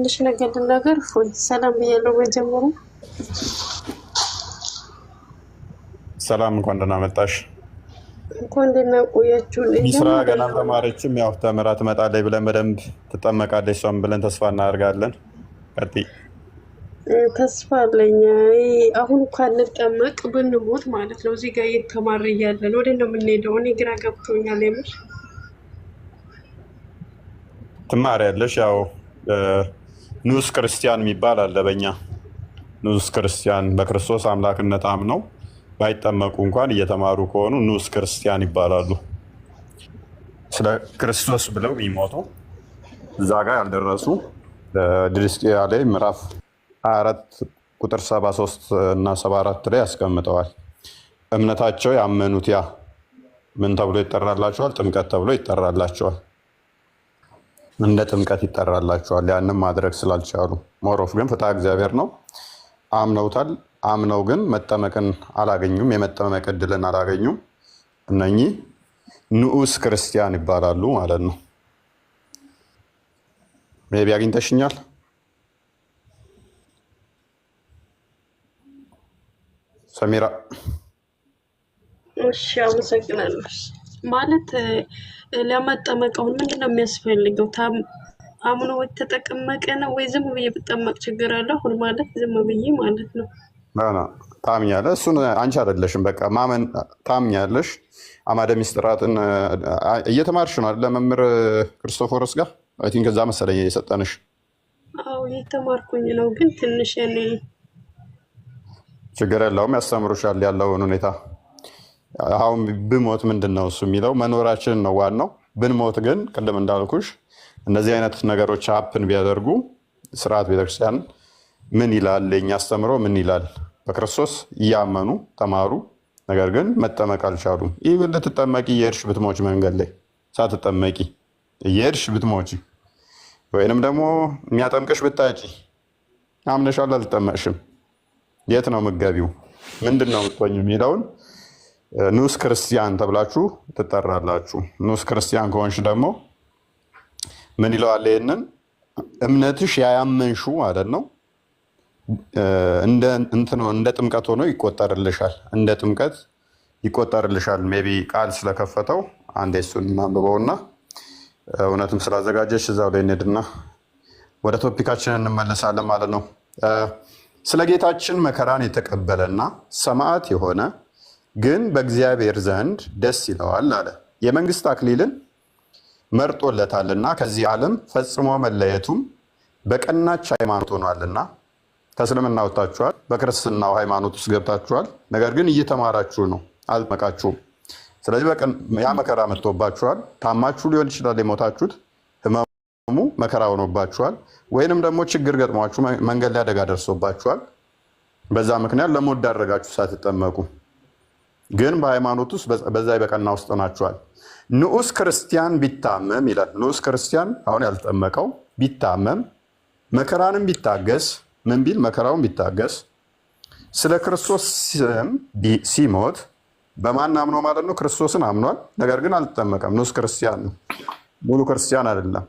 ትንሽ ነገር ልናገር። ፎይ ሰላም ብያለሁ። መጀመሩ ሰላም፣ እንኳን ደህና መጣሽ። እንኳን ደህና ቆያችሁ። ሚስራ ገና ተማሪችም ያው ተምራ ትመጣለች ብለን በደንብ ትጠመቃለች እሷም ብለን ተስፋ እናደርጋለን። ቀጥይ። ተስፋ አለኝ። አሁን እንኳን እንጠመቅ ብንሞት ማለት ነው። እዚህ ጋር እየተማር እያለን ወደ ነው የምንሄደው። እኔ ግራ ገብቶኛል የምር ትማሪያለሽ ያው ንዑስ ክርስቲያን የሚባል አለ። በኛ ንዑስ ክርስቲያን በክርስቶስ አምላክነት አምነው ባይጠመቁ እንኳን እየተማሩ ከሆኑ ንዑስ ክርስቲያን ይባላሉ። ስለ ክርስቶስ ብለው የሚሞቱ እዛ ጋር ያልደረሱ ድርስቅያ ላይ ምዕራፍ 24 ቁጥር 73 እና 74 ላይ ያስቀምጠዋል። እምነታቸው ያመኑት ያ ምን ተብሎ ይጠራላቸዋል? ጥምቀት ተብሎ ይጠራላቸዋል። እንደ ጥምቀት ይጠራላቸዋል። ያንም ማድረግ ስላልቻሉ ሞሮፍ ግን ፍትሐ እግዚአብሔር ነው። አምነውታል። አምነው ግን መጠመቅን አላገኙም። የመጠመቅ እድልን አላገኙም። እነኚህ ንዑስ ክርስቲያን ይባላሉ ማለት ነው። ቢ አግኝተሽኛል። ሰሚራ እሺ፣ አመሰግናለሁ። ማለት ለመጠመቅ ምንድን ነው የሚያስፈልገው? አምኖ ወይ ተጠቀመቀ ነው ወይ ዝም ብዬ ብጠመቅ ችግር አለ? አሁን ማለት ዝም ብዬ ማለት ነው ታምኛለህ። እሱን አንቺ አይደለሽም። በቃ ማመን ታምኛለሽ። አማደ ሚስጥራትን እየተማርሽ ነው አይደለ? መምህር ጋር አይ ቲንክ እዛ መሰለኝ የሰጠንሽ። አዎ እየተማርኩኝ ነው፣ ግን ትንሽ ችግር የለውም። ያስተምሩሻል ያለውን ሁኔታ አሁን ብሞት ምንድን ነው እሱ የሚለው መኖራችንን ነው ዋናው። ብንሞት ግን ቅድም እንዳልኩሽ እነዚህ አይነት ነገሮች አፕን ቢያደርጉ ስርዓት ቤተክርስቲያን ምን ይላል? የኛ አስተምሮ ምን ይላል? በክርስቶስ እያመኑ ተማሩ፣ ነገር ግን መጠመቅ አልቻሉም። ይህ ልትጠመቂ እየሄድሽ ብትሞች መንገድ ላይ ሳትጠመቂ እየሄድሽ ብትሞች ወይንም ደግሞ የሚያጠምቅሽ ብታጪ አምነሻል፣ አልጠመቅሽም፣ የት ነው መገቢው? ምንድን ነው የምትሆኝ የሚለውን ንዑስ ክርስቲያን ተብላችሁ ትጠራላችሁ። ንዑስ ክርስቲያን ከሆንሽ ደግሞ ምን ይለዋል? ይህንን እምነትሽ ያያመንሹ ማለት ነው እንደ ጥምቀት ሆኖ ይቆጠርልሻል። እንደ ጥምቀት ይቆጠርልሻል። ሜይ ቢ ቃል ስለከፈተው አንዴ እሱን እናንብበውና እውነትም ስላዘጋጀች እዛው ላይ እንሄድና ወደ ቶፒካችን እንመለሳለን ማለት ነው። ስለ ጌታችን መከራን የተቀበለና ሰማዕት የሆነ ግን በእግዚአብሔር ዘንድ ደስ ይለዋል አለ። የመንግስት አክሊልን መርጦለታልና ከዚህ ዓለም ፈጽሞ መለየቱም በቀናች ሃይማኖት ሆኗልና። ከእስልምና ወጥታችኋል፣ በክርስትናው ሃይማኖት ውስጥ ገብታችኋል። ነገር ግን እየተማራችሁ ነው፣ አልጠመቃችሁም። ስለዚህ ያ መከራ መጥቶባችኋል። ታማችሁ ሊሆን ይችላል የሞታችሁት፣ ህመሙ መከራ ሆኖባችኋል። ወይንም ደግሞ ችግር ገጥሟችሁ መንገድ ላይ አደጋ ደርሶባችኋል። በዛ ምክንያት ለሞት ዳረጋችሁ ሳትጠመቁ ግን በሃይማኖት ውስጥ በዛ በቀና ውስጥ ናቸዋል። ንዑስ ክርስቲያን ቢታመም ይላል። ንዑስ ክርስቲያን አሁን ያልጠመቀው ቢታመም መከራንም ቢታገስ ምን ቢል መከራውን ቢታገስ ስለ ክርስቶስ ስም ሲሞት በማን አምኖ ማለት ነው? ክርስቶስን አምኗል። ነገር ግን አልጠመቀም። ንዑስ ክርስቲያን ነው፣ ሙሉ ክርስቲያን አይደለም።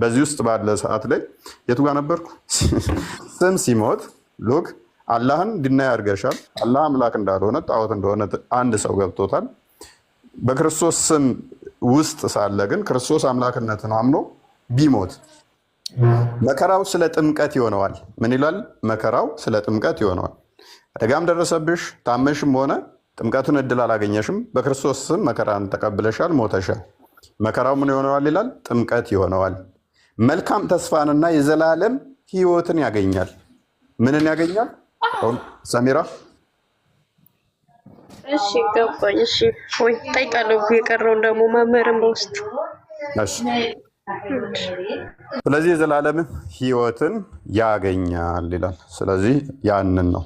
በዚህ ውስጥ ባለ ሰዓት ላይ የቱ ጋር ነበርኩ? ስም ሲሞት ሉክ አላህን ድና ያርገሻል። አላህ አምላክ እንዳልሆነ ጣዖት እንደሆነ አንድ ሰው ገብቶታል። በክርስቶስ ስም ውስጥ ሳለ ግን ክርስቶስ አምላክነትን አምኖ ቢሞት መከራው ስለ ጥምቀት ይሆነዋል። ምን ይላል? መከራው ስለ ጥምቀት ይሆነዋል። አደጋም ደረሰብሽ፣ ታመሽም ሆነ ጥምቀቱን እድል አላገኘሽም። በክርስቶስ ስም መከራን ተቀብለሻል፣ ሞተሻል። መከራው ምን ይሆነዋል ይላል? ጥምቀት ይሆነዋል። መልካም ተስፋንና የዘላለም ህይወትን ያገኛል። ምንን ያገኛል? ሰሚራ እሺ ገባኝ። እሺ ወይ ጠይቃለሁ። የቀረውን ደግሞ መምህርን በውስጥ እሺ። ስለዚህ የዘላለምን ሕይወትን ያገኛል ይላል። ስለዚህ ያንን ነው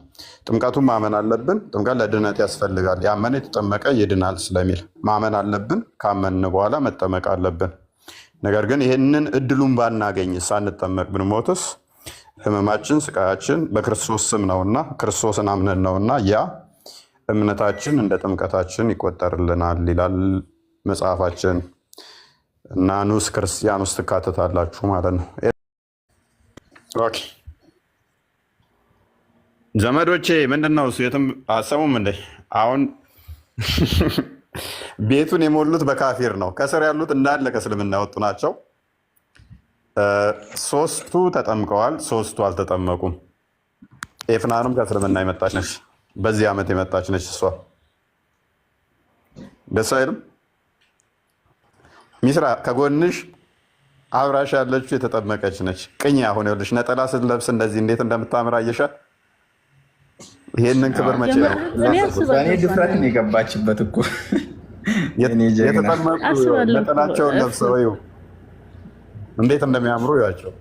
ጥምቀቱን ማመን አለብን። ጥምቀት ለድነት ያስፈልጋል። ያመነ የተጠመቀ ይድናል ስለሚል ማመን አለብን። ካመን በኋላ መጠመቅ አለብን። ነገር ግን ይህንን እድሉን ባናገኝስ ብንሞትስ ህመማችን ስቃያችን በክርስቶስ ስም ነውና ክርስቶስን አምነን ነውና ያ እምነታችን እንደ ጥምቀታችን ይቆጠርልናል ይላል መጽሐፋችን። እና ኑስ ክርስቲያን ውስጥ ትካተታላችሁ ማለት ነው። ዘመዶቼ ምንድን ነው የትም አሰሙም እንደ አሁን ቤቱን የሞሉት በካፊር ነው። ከስር ያሉት እንዳለ ከእስልምና ያወጡ ናቸው። ሶስቱ ተጠምቀዋል፣ ሶስቱ አልተጠመቁም። ኤፍናንም ከእስልምና የመጣች ነች። በዚህ ዓመት የመጣች ነች። እሷ ደስ አይልም። ሚስራ ከጎንሽ አብራሽ ያለችው የተጠመቀች ነች። ቅኝ አሁን ይኸውልሽ ነጠላ ስትለብስ እንደዚህ እንዴት እንደምታምራ እየሻል ይህንን ክብር መቼ ነው? እኔ ድፍረት ነው የገባችበት እኮ የተጠመቁ ነጠላቸውን ለብሰው እንዴት እንደሚያምሩ ያቸው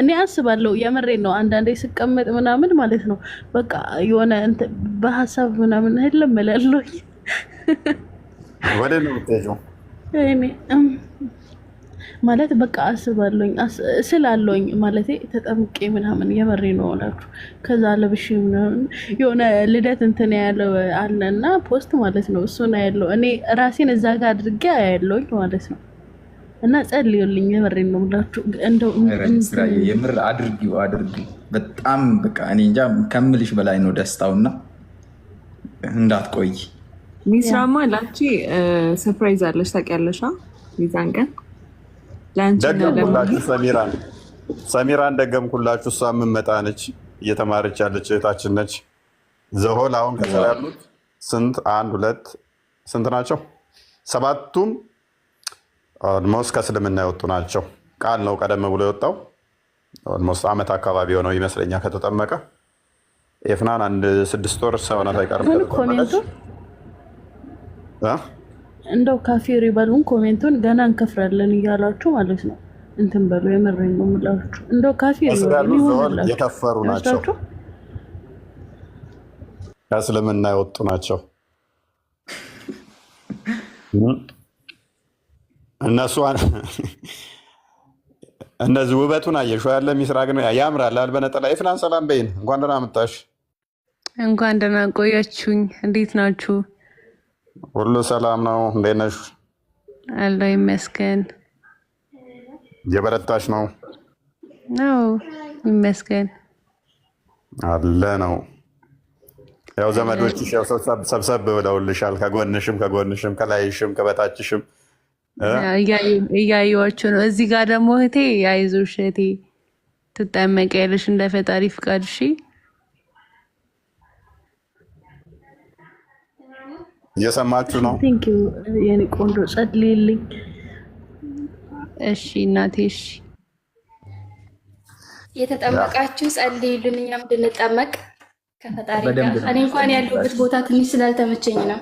እኔ አስባለሁ። የምሬን ነው። አንዳንዴ ስቀመጥ ምናምን ማለት ነው በቃ የሆነ በሀሳብ ምናምን እለመላለሁ። ወደ ማለት በቃ አስባለኝ ስላለኝ ማለት ተጠምቄ ምናምን የመሬ ነው ሆናችሁ ከዛ ለብሽ ምናምን የሆነ ልደት እንትን ያለው አለና ፖስት ማለት ነው እሱን ያለው እኔ ራሴን እዛ ጋር አድርጌ ያለውኝ ማለት ነው እና ጸልዩልኝ። የምሬን ነው የምላችሁ። የምር አድርጊው አድርጊው። በጣም በቃ እኔ እንጃ ከምልሽ በላይ ነው ደስታው እና እንዳትቆይ። ሚስራማ ላንቺ ሰርፕራይዝ አለሽ ታውቂያለሽ። ሚዛን ቀን ደገምኩላችሁ። ሰሚራን ሰሚራን ደገምኩላችሁ። እሷ የምመጣ ነች፣ እየተማረች ያለች እህታችን ነች። ዘሆል አሁን ከሰራ ያሉት ስንት አንድ ሁለት ስንት ናቸው? ሰባቱም ኦልሞስት ከእስልምና የወጡ ናቸው። ቃል ነው ቀደም ብሎ የወጣው። ኦልሞስት ዓመት አካባቢ የሆነው ይመስለኛ ከተጠመቀ። ኤፍናን አንድ ስድስት ወር ሰውነት አይቀርም ከተጠመቀች። እንደው ካፊር ይበሉን ኮሜንቱን ገና እንከፍራለን እያላችሁ ማለት ነው። እንትን በሉ የመረኝ ነው የምላችሁ። እንደው ካፊር የከፈሩ ናቸው፣ ከእስልምና የወጡ ናቸው። እነሱ እነዚህ ውበቱን አየሹ ያለ ሚስራቅ ነው ያምራል። አልበነጠላ ኤፍናን ሰላም በይን፣ እንኳን ደህና መጣሽ። እንኳን ደህና ቆያችሁኝ። እንዴት ናችሁ? ሁሉ ሰላም ነው? እንዴት ነሽ? አለሁ ይመስገን። የበረታሽ ነው ነው? ይመስገን አለ ነው። ያው ዘመዶችሽ ያው ሰብሰብ ብለውልሻል፣ ከጎንሽም ከጎንሽም ከላይሽም ከበታችሽም እያዩዋቸው ነው። እዚህ ጋር ደግሞ እህቴ አይዞሽ እህቴ ያለሽ እንደ ፈጣሪ ፍቃድ። እሺ እየሰማችሁ ነው። የኔ ቆንጆ ጸልይልኝ። እሺ እናቴ እሺ። የተጠመቃችሁ ጸልይልን፣ እኛም እንድንጠመቅ ከፈጣሪ ጋር። እኔ እንኳን ያለሁበት ቦታ ትንሽ ስላልተመቸኝ ነው።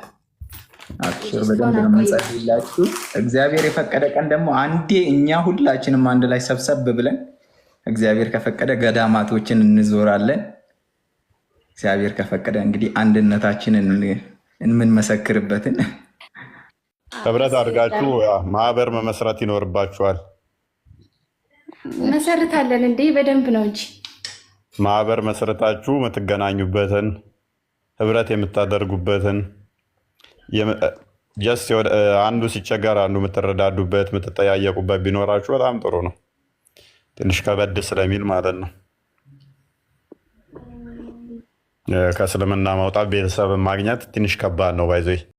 አክሽር በደንብ ነው የምንጸልይላችሁ። እግዚአብሔር የፈቀደ ቀን ደግሞ አንዴ እኛ ሁላችንም አንድ ላይ ሰብሰብ ብለን እግዚአብሔር ከፈቀደ ገዳማቶችን እንዞራለን። እግዚአብሔር ከፈቀደ እንግዲህ አንድነታችንን የምንመሰክርበትን ህብረት አድርጋችሁ ማህበር መመስረት ይኖርባችኋል። መሰርታለን እንዴ? በደንብ ነው እንጂ ማህበር መሰረታችሁ የምትገናኙበትን ህብረት የምታደርጉበትን ጀስት አንዱ ሲቸገር አንዱ የምትረዳዱበት የምትጠያየቁበት ቢኖራችሁ በጣም ጥሩ ነው። ትንሽ ከበድ ስለሚል ማለት ነው። ከእስልምና መውጣት ቤተሰብን ማግኘት ትንሽ ከባድ ነው ባይዘይ